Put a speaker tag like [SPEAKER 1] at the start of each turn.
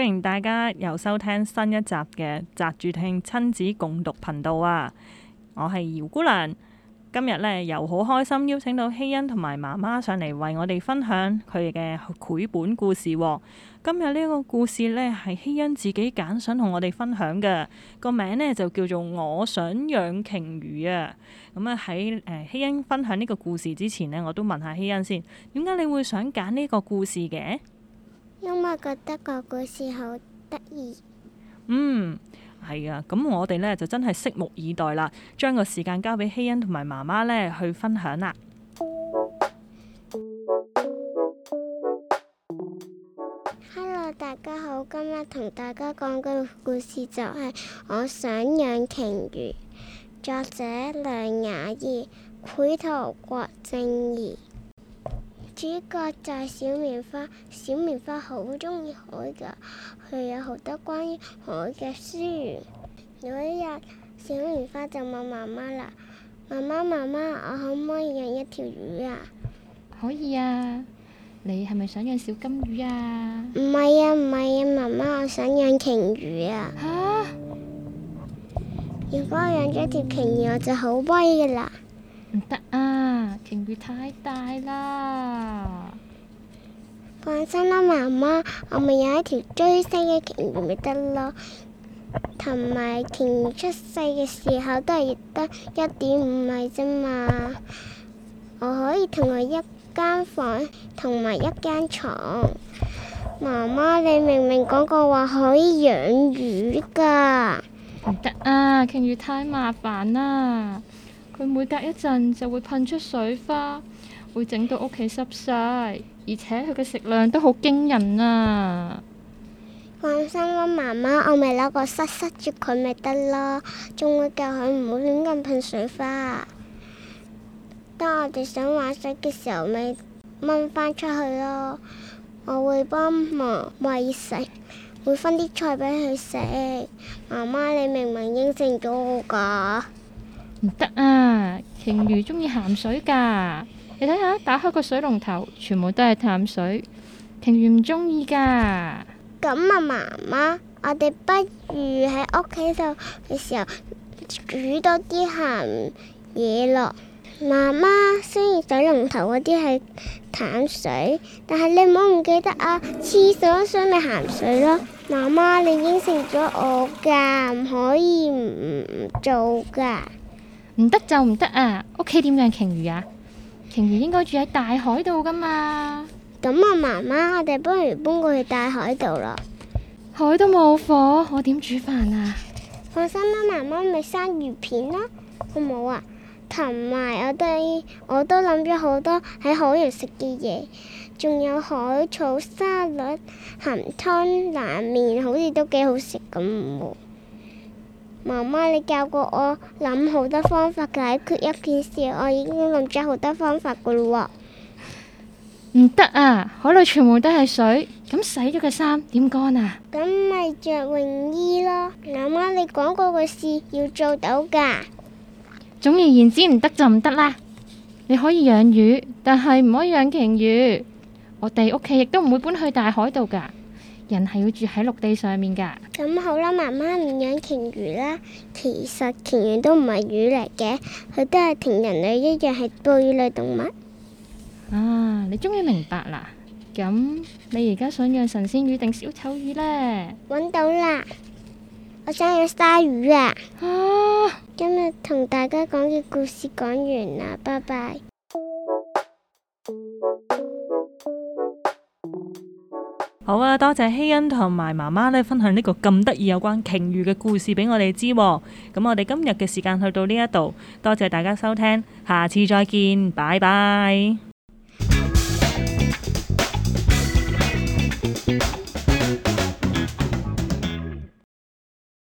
[SPEAKER 1] 歡迎大家又收聽新一集嘅《宅住聽親子共讀》頻道啊！我係姚姑娘，今日呢又好開心邀請到晞茵同埋媽媽上嚟為我哋分享佢哋嘅繪本故事喎。今日呢個故事呢係晞茵自己揀想同我哋分享嘅，個名呢就叫做《我想養鯨魚》啊！咁啊喺晞茵分享呢個故事之前呢，我都問下晞茵先，點解你會想揀呢個故事嘅？
[SPEAKER 2] 因為覺得個故事好得意。
[SPEAKER 1] 嗯，係啊，咁我哋呢就真係拭目以待啦，將個時間交俾希恩同埋媽媽呢去分享啦。
[SPEAKER 2] Hello，大家好，今日同大家講嘅故事就係、是、我想養鯨魚，作者梁雅怡，繪圖郭靜宜。主角就係小棉花，小棉花好中意海噶，佢有好多關於海嘅書。有一日，小棉花就問媽媽啦，媽媽媽媽，我可
[SPEAKER 3] 唔可以養一條魚啊？可以啊，你係咪想養小金魚啊？
[SPEAKER 2] 唔係啊，唔係啊，媽媽，我想養鯨魚啊！啊？如果我養咗條鯨魚，我就好威噶啦！唔得啊！鯨魚太大啦！放心啦，媽媽，我咪有一條最細嘅鯨魚咪得咯。同埋鯨魚出世嘅時候都係得一點五米啫嘛。我可以同佢一間房同埋一間床。
[SPEAKER 3] 媽媽，你明明講過話可以養魚噶。唔得啊！鯨魚太麻煩啦。佢每隔一陣就會噴出水花，會整到屋企濕晒，而且佢嘅食量都好驚人啊！放心啦，媽媽，我咪攞個塞塞住佢
[SPEAKER 2] 咪得咯，仲會教佢唔好亂咁噴水花。當我哋想玩水嘅時候咪掹翻出去咯。我會幫媽媽餵食，會分啲菜俾佢食。媽媽，你明明應承咗我噶～
[SPEAKER 3] 唔得啊！鯨魚中意鹹水㗎。你睇下，打開個水龍頭，全部都係淡水，鯨魚唔中意㗎。咁啊，媽媽，我哋不如喺屋企
[SPEAKER 2] 度嘅時候煮多啲鹹嘢咯。媽媽，雖然水龍頭嗰啲係淡水，但係你唔好唔記得啊！廁所水咪鹹水咯。媽媽，你應承咗我㗎，唔
[SPEAKER 3] 可以唔做㗎。唔得就唔得啊！屋企點養鯨魚啊？鯨魚應該住喺大海度㗎嘛。咁啊，媽媽，我哋
[SPEAKER 2] 不如搬過去大海度啦。海都冇火，我點煮飯啊？放心啦，啊，媽媽咪生魚片啦，啊，好唔好啊？同埋我哋我都諗咗好多喺海洋食嘅嘢，仲有海草沙律、鹹湯冷麵，好似都幾好食咁媽媽，你教過我諗好多方法解決一件事，我已經諗咗好多方法噶啦喎。
[SPEAKER 3] 唔得啊，海裏全部都係水，咁洗咗嘅衫點乾啊？
[SPEAKER 2] 咁咪着泳衣咯。媽媽，你
[SPEAKER 3] 講過嘅事要做到噶。總而言之，唔得就唔得啦。你可以養魚，但係唔可以養鯨魚。我哋屋企亦都唔會搬去大海度噶。人係要住喺陸地上面噶。
[SPEAKER 2] 咁好啦，媽媽唔養鯨魚啦。其實鯨魚都唔係魚嚟嘅，佢都係同人類一樣係哺乳類動物。
[SPEAKER 3] 啊！你終於明白啦。咁你而家想養神仙魚定小丑魚呢？揾到啦！我想養鯊
[SPEAKER 2] 魚啊！今日同大家講嘅故事講完啦，拜拜。
[SPEAKER 1] 好啊，多謝晞茵同埋媽媽咧，分享呢個咁得意有關鯨魚嘅故事俾我哋知喎。咁我哋今日嘅時間去到呢一度，多謝大家收聽，下次再見，拜拜。